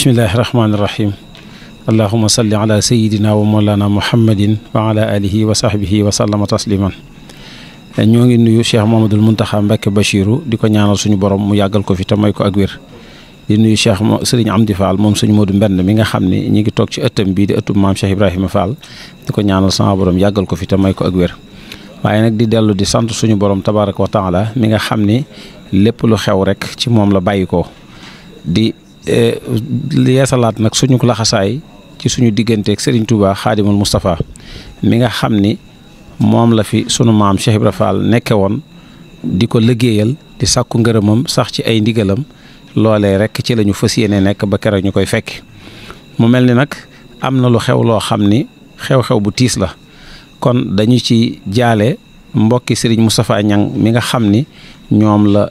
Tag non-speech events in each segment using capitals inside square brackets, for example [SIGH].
bismillahi rahmaani rahim allahuma salli ala sayidina wa mawlana muhammadin wa ala alihi wa sahbihi wa sallama tasliman ñoo ngi nuyu cheikh mahamadul muntaxa mbàkke bachiru di ko ñaanal suñu borom mu yàggal ko fi te may ko ak wér di nuyu cheikh sëriñ Amdi Fall moom suñu Modou Mbenn mi nga xam ne ñi ngi toog ci ëttam bii di ëttu maam Cheikh Ibrahima Fall di ko ñaanal sama borom yàggal ko fi te may ko ak wér waaye nag di dellu di sant suñu borom tabaaraka wa taala mi nga xam ne lépp lu xew rek ci moom la bàyyi ko di E, yeesalaat nag suñu laxasaay ci suñu digganteeg Serigne Touba Xaadimul Moustapha mi nga xam ni moom la fi sunu maam Cheikh Ibra Fall nekke woon di ko liggéeyal di sàkku ngërëmam sax ci ay ndigalam loole rek ci la ñu fas yéene nekk ba keroog ñu koy fekk mu mel ni nag am na lu xew loo xam ni xew-xew bu tiis la kon dañu ci jaale mbokki Serigne Moustapha Niang mi nga xam ni ñoom la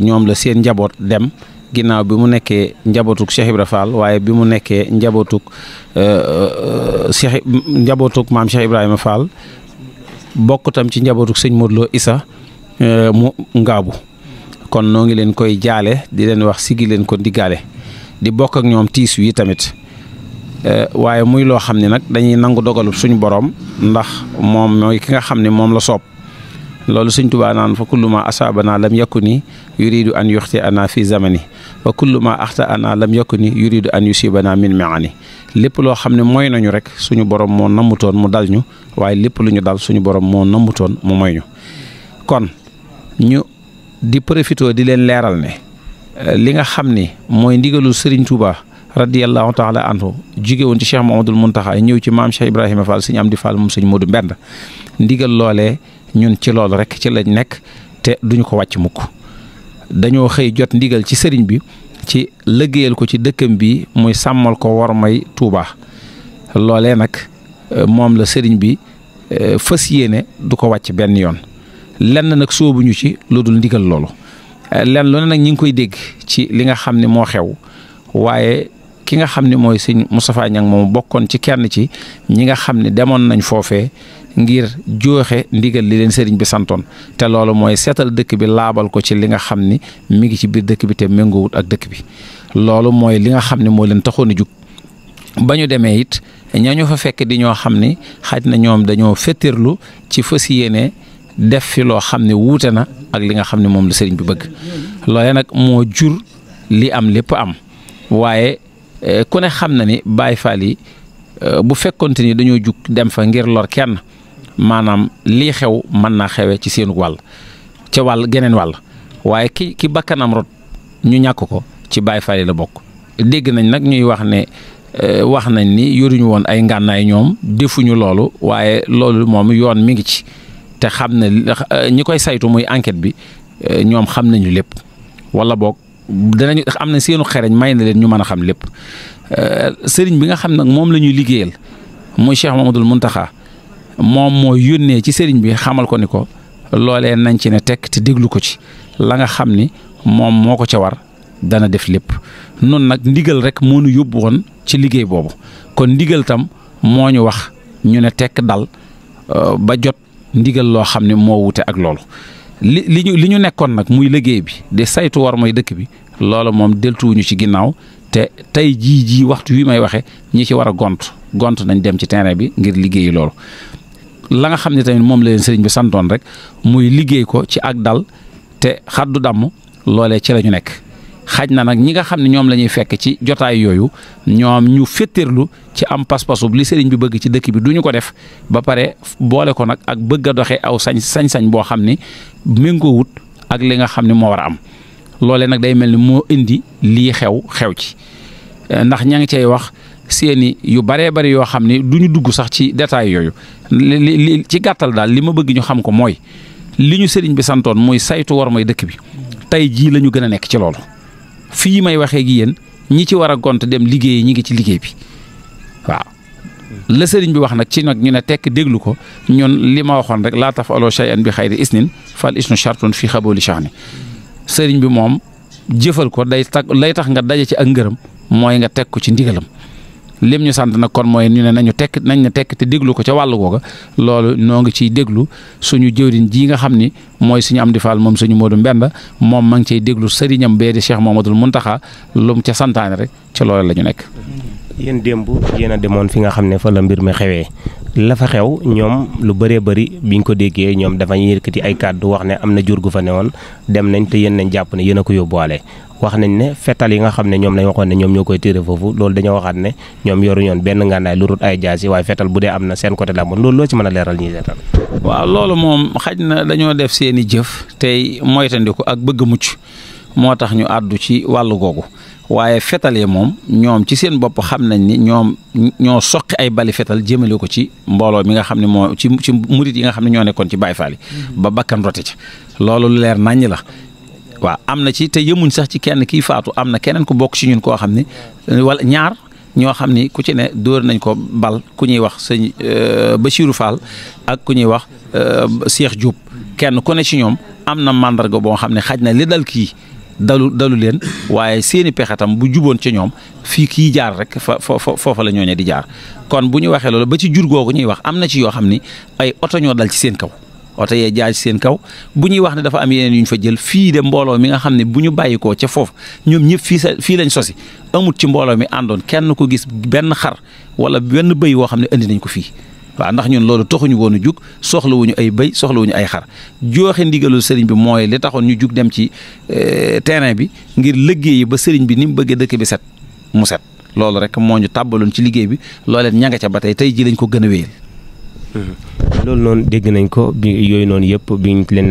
ñoom la seen njaboot dem. ginnaaw bi mu nekkee njabootuk Cheikh Ibra Fall waaye bi mu nekkee njabootuk euh, euh, Cheikh njabootuk maam Cheikh Ibrahima Fall bokkutam ci njabootuk sëñ Modou Lo Isa euh, mu ngaabu kon noo ngi leen koy jaale di leen wax sigi leen ko diggaale di bokk ak ñoom tiis wi tamit waaye muy loo xam ne nag dañuy nangu dogalu suñu borom ndax moom mooy ki nga xam ne moom la soob. loolu sëñ tubaa naan fa kullu ma asaabana lam yakuni yuridu an a ana fi zamani wa kullu ma axta ana lam yakuni yuridu an yusibana min maani lépp loo xam ne mooy nañu rek suñu borom moo namutoon mu dal ñu waaye lépp lu ñu dal suñu borom moo namutoon mu moy ñu kon ñu di profité di leen leeral ne euh, li nga xam ni mooy ndigalul sëriñ Touba radiyallahu taala anhu jóge woon ci Cheikh Mamadul Muntaxa ñëw ci maam Cheikh Ibrahima Fall sëñ Amdi Fall moom sëñ Modou Mbend ndigal loolee ñun ci loolu rek ci lañ nekk te duñu ko wàcc mukk dañoo xëy jot ndigal ci sëriñ bi ci liggéeyal ko ci dëkkam bi muy sàmmal ko war may Tuuba loolee nag euh, moom la sëriñ bi euh, fës yéene du ko wàcc benn yoon lenn nag soobuñu ci lu dul ndigal loolu euh, lenn lu ne nag ñi ngi koy dégg ci li nga xam ni moo xew waaye ki nga xam ne mooy sëñ Moustapha Niang moom bokkoon ci kenn ci ñi nga xam ne demoon nañ foofee ngir jooxe ndigal li leen sëriñ bi santoon te loolu mooy seetal dëkk bi laabal ko ci li nga xam ni mi ngi ci biir dëkk bi te ak dëkk bi loolu mooy li nga xam ne moo leen taxoon a jug ba ñu demee it ñañu fa fekk di ñoo xam ni xaj na ñoom dañoo féttirlu ci fas yéene def fi loo xam ne wuute na ak li nga xam ne moom la sëriñ bi bëgg loolee nag moo jur li am lépp am waaye Eh, ku ne xam na ni Baay Faal yi eh, bu fekkonte ni dañoo jug dem fa ngir lor kenn maanaam lii xew mën naa xewee ci seenu wàll ca wàll geneen wàll waaye ki ki bakkanam rot ñu ñàkk ko ci Baay Faal yi la bokk dégg nañ nag ñuy wax ne eh, wax nañ ni yoruñu woon ay ngànnaay ñoom defuñu loolu waaye loolu moom yoon mi ngi ci te xam ne ñi koy saytu muy enquête bi ñoom xam nañu lépp wala bokk danañu am na seenu xereñ may na leen ñu mën a xam lépp euh, sëriñ bi nga xam nag moom la ñuy liggéeyal muy Cheikh mun taxa moom moo yónnee ci sëriñ bi xamal ko ni ko loole nañ ci ne tekk te déglu ko ci la nga xam ni moom moo ko ca war dana def lépp noonu nag ndigal rek moo ñu yóbbu woon ci liggéey boobu kon ndigal tam moo ñu wax ñu ne tekk dal euh, ba jot ndigal loo xam ne moo wute ak loolu li li ñu li ñu nekkoon nag muy liggéey bi di saytu war mooy dëkk bi loolu moom deltuwuñu ci ginnaaw te tey jii jii waxtu wi may waxe ñi ci war a gont gont nañ dem ci terrain bi ngir liggéeyi loolu la nga xam ne tamit moom la leen sëriñ bi santoon rek muy liggéey ko ci ak dal te xaddu damm loolee ci lañu nekk xaj na nag ñi nga xam ne ñoom la ñuy fekk ci jotaay yooyu ñoom ñu féttéerlu ci am pas-pasub li sëriñ bi bëgg ci dëkk bi duñu ko def ba pare boole ko nag ak bëgg a doxee aw sañ sañ-sañ boo xam ne méngoowut ak li nga xam ne moo war a am loole nag day mel ni moo indi lii xew xew ci eh, ndax ña ngi cay wax seeni yu baree bari yoo xam ne duñu dugg sax ci détail yooyu li ci gàttal daal li ma bëgg ñu xam ko mooy li ñu sëriñ bi santoon muy saytu war mooy dëkk bi tey jii la ñu gën a nekk ci loolu fii may waxee gi yéen ñi ci war a gont dem liggéey ñi ngi ci liggéey bi waaw la sëriñ bi wax nag ci nag ñu ne tekk déglu ko ñun li ma waxoon rek laa taf aloo shay'an bi xayri isnin fal isnu shartun fi xabooli shahni sëriñ bi moom jëfal ko day tax lay tax nga daje ci ak ngërëm mooy nga teg ko ci ndigalam lim ñu sant nag kon mooy ñu ne nañu tekk nañ na tekk te déglu ko ca wàllu googa loolu noo ngi ciy déglu suñu jëwriñ ji nga xam ni mooy suñu am di faal moom suñu Modou Mbenda moom ma ngi ciy déglu sëriñam bee di Cheikh Mamadou Muntaxa lu mu ca santaane rek ca loolu lañu ñu nekk. yéen démb yéen a fi nga xam ne fa la mbir mi la fa xew ñoom lu bëree bëri biñ ko déggee ñoom dafa yëkkati ay kàddu wax ne am na jur gu fa ne woon dem nañ te yéen nañ jàpp ne yéen a ko yóbbuwaale wax nañ ne fetal yi nga xam ne ñoom lañ waxoon ne ñoom ñoo koy téere foofu loolu dañoo waxaat ne ñoom yoru ñoon benn ngànnaay lu rut ay jaas yi waaye fetal bu dee am na seen côté la amoon loolu loo ci mën a leeral ñuy seetal waaw loolu moom xaj na dañoo def seeni jëf tey moytandiku ak bëgg mucc moo tax ñu àddu ci wàll googu waaye fetal yi moom ñoom ci seen bopp xam nañ ni ñoom ñoo soqi ay bali fetal jëmale ko ci mbooloo mi nga xam ne moo ci ci murit yi nga xam ne ñoo nekkoon ci Baay Faal yi mm-hmm. ba bakkan rote ci loolu leer naññ la waaw am na ci te yëmuñ sax ci kenn kii faatu am na keneen ku bokk ci ñun koo xam ni ñaar ñoo xam ni ku ci ne dóor nañ ko bal ku ñuy wax sëñ euh, Bachirou Fall ak ku ñuy wax euh, Cheikh Diop kenn ku ne ci ñoom am na màndarga boo xam ne xaj na li kii. dalu dalu leen waaye seeni pexe tam bu juboon ci ñoom fii kii jaar rek fa foofa la ñooñe di jaar kon bu ñu waxee loolu ba ci jur googu ñuy wax am na ci yoo xam ni ay oto ñoo dal ci seen kaw oto yee jaaj seen kaw bu ñuy wax ne dafa am yeneen yu ñu fa jël fii de mbooloo mi nga xam ne bu ñu bàyyikoo ca foof ñoom ñëpp fii sa fii lañ sosi amut ci mbooloo mi àndoon kenn ko gis benn xar wala benn bëy woo xam ne indi nañ ko fii waaw ndax ñun loolu taxuñu woon a jug soxlawuñu ay béy soxlawuñu ay xar jooxe ndigalul sëriñ bi mooy li taxoon ñu jug dem ci eh, terrain bi ngir liggéeyi ba sëriñ bi ni mu bëggee dëkk bi set mu set loolu rek moo ñu tàbbaloon ci liggéey bi looleen ña nga ca ba tey tey ji lañ ko gën a wéyal Mhm. loolu noonu dégg nañ ko bi yooyu noonu yëpp biñ leen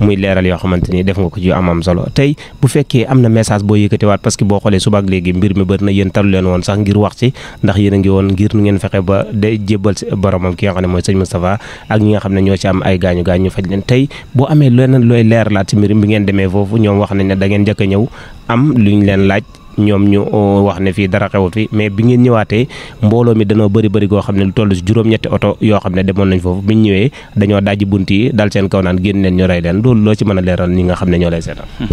muy leeral yoo xamante ni def nga ko ci am am solo tey bu fekkee am na message boo yëkkatewaat parce que boo xoolee suba ak léegi mbir mi bëri na yéen talu leen woon sax ngir wax ci ndax yéen a ngi woon ngir nu ngeen fexe ba de jébbal boromam ki nga xam ne mooy sëñ Moustapha ak ñi nga xam ne ñoo ci am ay gaañu gaañu ñu faj leen tey boo amee leneen looy leeralaat ci mbir mi bi ngeen demee foofu ñoom wax nañ ne a ñëw am luñ leen laaj ñoom ñu uh, wax ne fii dara xewu fi mais bi ngeen ñëwaatee mbooloo mi danoo bëri bëri goo xam ne lu toll si juróom-ñetti oto yoo xam ne demoon nañ foofu bi ñu ñëwee dañoo dajji bunt yi dal seen kaw naan génn leen ñu rey leen loolu loo ci mën a leeral ñi nga xam ne ñoo lay seetal. [LAUGHS]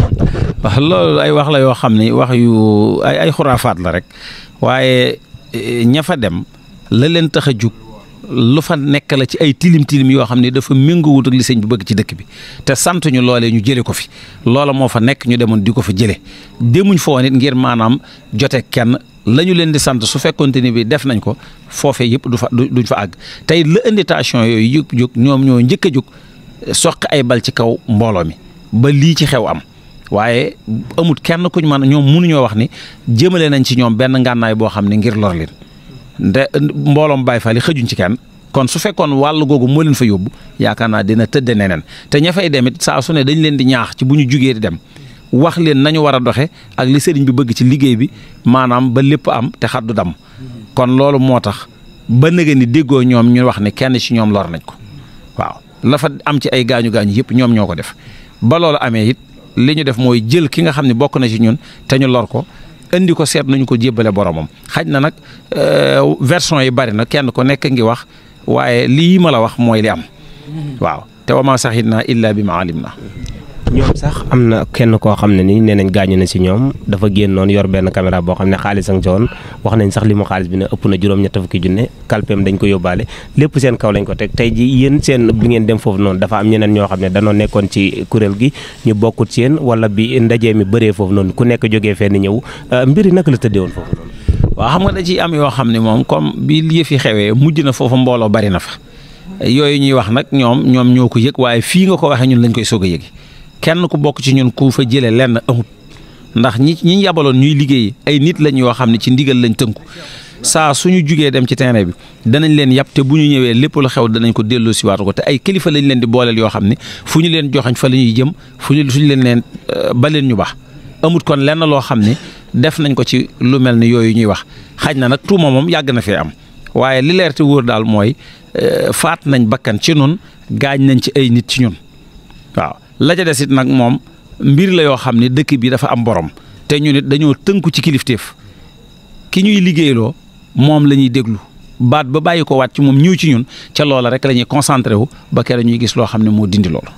wax loolu ay wax la yoo xam ne wax yu ay ay xuraafaat la rek waaye eh, ña fa dem la leen tax a jug lu fa nekk la ci ay tilim tilim yoo xam ne dafa méngoowut ak li sëñ bi bëgg ci dëkk bi te sant ñu loolee ñu jëlee ko fi loola moo fa nekk ñu demoon di ko fa jëlee demuñ fa woon ngir maanaam jote kenn la ñu leen di sant su fekkonte ni bi def nañ ko foofee yëpp du fa duñ fa àgg tey la invitation yooyu yëpp jóg ñoom ñoo njëkk a jóg soqi ay bal ci kaw mbooloo mi ba lii ci xew am. waaye amut kenn kuñ mën ñoom mënuñoo wax ni jëmale nañ ci ñoom benn ngànnaay boo xam ne ngir lor leen nde mbooloom Baay Faal yi xëjuñ ci kenn kon su fekkoon wàll googu moo leen fa yóbbu yaakaar naa dina ne neneen te ña fay dem it saa su ne dañ leen di ñaax ci bu ñu jugee di dem wax leen nañu war a doxe ak li sëriñ bi bëgg ci liggéey bi maanaam ba lépp am te xaddu dam kon loolu moo tax ba nëgë ni déggoo ñoom ñu wax ne kenn ci ñoom lor nañ ko waaw la fa am ci ay gaañu gaañu yëpp ñoom ñoo ko def ba loolu amee it li ñu def mooy jël ki nga xam ne bokk na ci ñun te ñu lor ko indi ko seet nañu ko jébbale boromam xaj na nag euh, version yi bari na kenn ko nekk ngi wax waaye lii ma la wax mooy li am mm-hmm. waaw te wa ma yid naa illa bi ma na ñoom sax am na kenn koo xam ne ni nee nañ gaañu na si ñoom dafa génnoon yor benn caméra boo xam ne xaalis ak woon wax nañ sax li mu xaalis bi ne ëpp na juróom-ñett fukki junne kalpeem dañ ko yóbbaale lépp seen kaw lañ ko teg tey ji seen bi ngeen dem foofu noonu dafa am ñeneen ñoo xam ne danoo nekkoon ci kuréel gi ñu bokkut si yéen wala bi ndaje mi bëree foofu noonu ku nekk jógee fenn ñëw euh, mbiri naka la tëddee woon foofu noonu. waa xam nga da ciy am yoo xam ne moom comme bi yëf yi xewee mujj na foofu mbooloo bari na fa yooyu ñuy wax nag ñoom ñoom ñoo ko yëg waaye fii nga ko waxee ñun lañ koy soog a yëg kenn ku bokk ci ñun ku fa jëlee lenn amut ndax ñi ñi yabaloon ñuy liggéey ay nit lañu yoo xam ne ci ndigal lañ tënku saa suñu jugee dem ci terrain bi danañ leen yàpp te bu ñu ñëwee lépp lu xew danañ ko delloo si waatu ko te ay kilifa lañ leen di booleel yoo xam ne fu ñu leen joxañ fa la ñuy jëm fu ñu suñ leen leen euh, ba leen ñu baax amut kon lenn loo xam ne def nañ ko ci lu mel ni yooyu ñuy wax xaj na nag tuuma moom yàgg na fee am waaye li leer te wóor daal mooy euh, faat nañ bakkan ci ñun gaañ nañ ci ay nit ci ñun la ca des it nag moom mbir la yoo xam ne dëkk bi dafa am borom te ñu nit dañoo tënku ci kilifteef ki ñuy liggéeyloo moom lañuy déglu baat ba bàyyi ko waat ci moom ñëw ci ñun ca loola rek la ñuy concentré wu ba kere ñuy gis loo xam ne moo dindi loolu.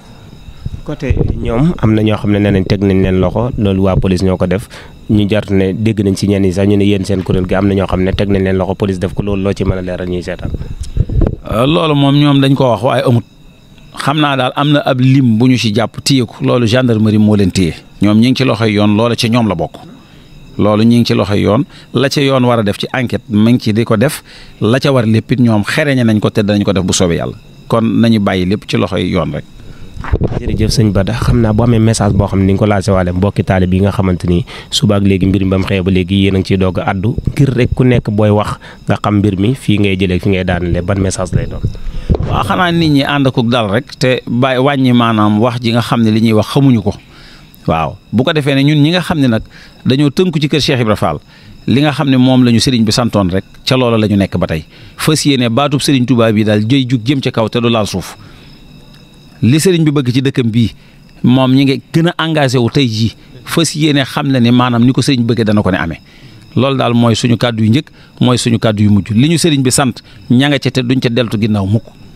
côté ñoom am na ñoo xam ne nee nañ teg nañ leen loxo loolu waa police ñoo ko def ñu jart ne dégg nañ ci ñenn yi sax ñu ne yéen seen kuréel gi am na ñoo xam ne teg nañ leen loxo police def ko loolu loo ci mën a leeral ñuy seetaan. Euh, xam naa daal am na ab lim bu ñu ci jàpp téye ko loolu gendarmerie moo leen téye ñoom ñi ngi ci yi yoon loola ci ñoom la bokk loolu ñi ngi ci loxoy yoon la ca yoon war a def ci enquête mi ngi ci di ko def la ca war léppit ñoom xereñe nañ ko te danañ ko def bu soobee yàlla kon nañu bàyyi lépp ci loxo yi yoon rek. jërëjëf ba Bada xam naa bu amee message boo xam ne di nga ko laajte waale mbokki taalib yi nga xamante ni suba ak léegi mbir mi ba mu xëyee ba léegi yéen a ngi doog a addu ngir rek ku nekk booy wax nga xam mbir mi fii ngay jëlee fi ngay daanalee ban message lay doon. waaw xanaa nit ñi ànd ko daal rek te bàyyi wàññi maanaam wax ji nga xam ne li ñuy wax xamuñu ko waaw bu ko defee ne ñun ñi nga xam ne nag dañoo tënku ci kër Cheikh Ibra Fall li nga xam ne moom la ñu sëriñ bi santoon rek ca loola la ñu nekk ba tey fas yéene baatub sëriñ Tuubaa bi daal jëy jug jëm ca kaw te du laal suuf li sëriñ bi bëgg ci dëkkam bii moom ñi ngi gën a engagé wu tey jii fas yéene xam le ne maanaam ni ko sëriñ bëggee dana ko ne amee loolu daal mooy suñu kàddu yu njëkk mooy suñu kàddu yu mujj li ñu sëriñ bi sant ñanga nga ca te duñ ca deltu ginnaaw mukk